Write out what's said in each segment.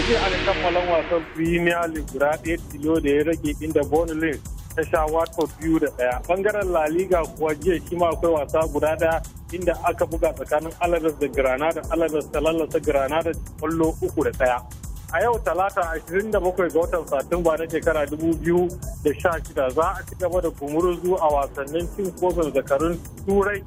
a jiya aka wasan premier league guda ɗaya tilo da ya rage inda burnley ta sha wato biyu da ɗaya bangaren la liga kuwa jiya shi ma akwai wasa guda ɗaya inda aka buga tsakanin alabas da granada alabas ta lallasa granada kwallo uku da ɗaya a yau talata ashirin 27 ga watan satumba na shekara dubu biyu da sha shida za a ci gaba da kumuruzu a wasannin cin kofin zakarun turai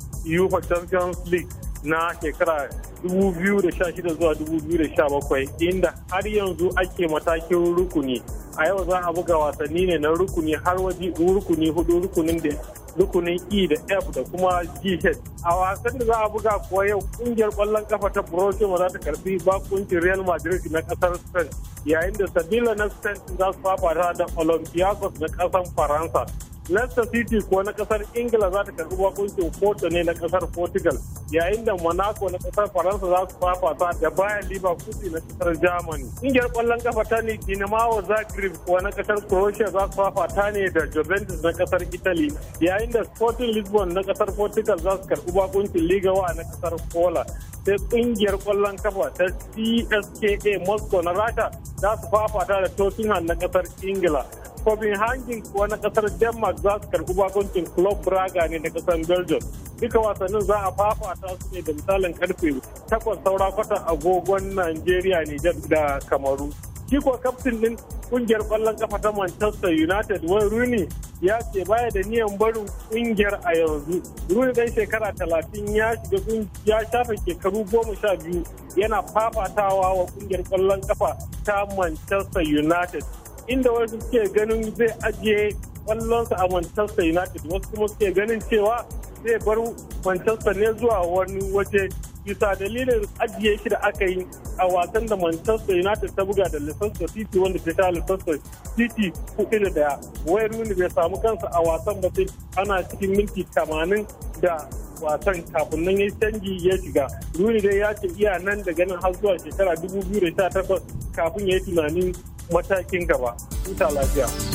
ufa champions league na shekara 2016 zuwa 2017 inda har yanzu ake matakin rukuni a yau za a buga wasanni ne na rukuni har waje rukuni hudu rukunin da rukunin E da F da kuma GH. A wasan da za a buga kuwa yau kungiyar kwallon kafa ta Borussia za ta karfi bakuncin Real Madrid na kasar Spain yayin da Sabila na Spain za su fafata da Olympiacos na kasar Faransa. Leicester City ko na kasar Ingila za ta karbi bakuncin Porto ne na kasar Portugal yayin da Monaco na kasar Faransa za su fafata da Bayern Leverkusen na kasar Germany. ƙungiyar kwallon kafa ta ne Dinamo Zagreb ko na kasar Croatia za su fafata ne da Juventus na kasar Italy yayin da Sporting Lisbon na kasar Portugal za su karbi bakuncin Liga wa na kasar Poland. Sai kungiyar kwallon kafa ta CSKA Moscow na Rasha za su fafata da Tottenham na kasar Ingila. Copenhagen kuwa na kasar Denmark za su karbi bakuncin Club Braga ne na kasar Belgium. Duka wasannin za a fafata su ne da misalin karfe takwas saura kwata agogon Najeriya ne da Kamaru. Shi kuwa kaftin din kungiyar kwallon kafa ta Manchester United wani Rooney ya ce baya da niyan barin kungiyar a yanzu. Rooney dan shekara talatin ya shiga ya shafe shekaru goma sha biyu yana fafatawa wa kungiyar kwallon kafa ta Manchester United. inda wasu suke ganin zai ajiye kwallonsa a Manchester United wasu kuma suke ganin cewa zai bar Manchester ne zuwa wani waje bisa dalilin ajiye shi da aka yi a wasan da Manchester United ta buga da Leicester City wanda ta Leicester City kuɗi da daya. Wayne Rooney bai samu kansa a wasan ba sai ana cikin minti tamanin da wasan kafin nan ya canji ya shiga runi dai ya ce iya nan daga nan har zuwa shekara 2018 kafin ya yi tunanin matakin gaba. Huta lafiya.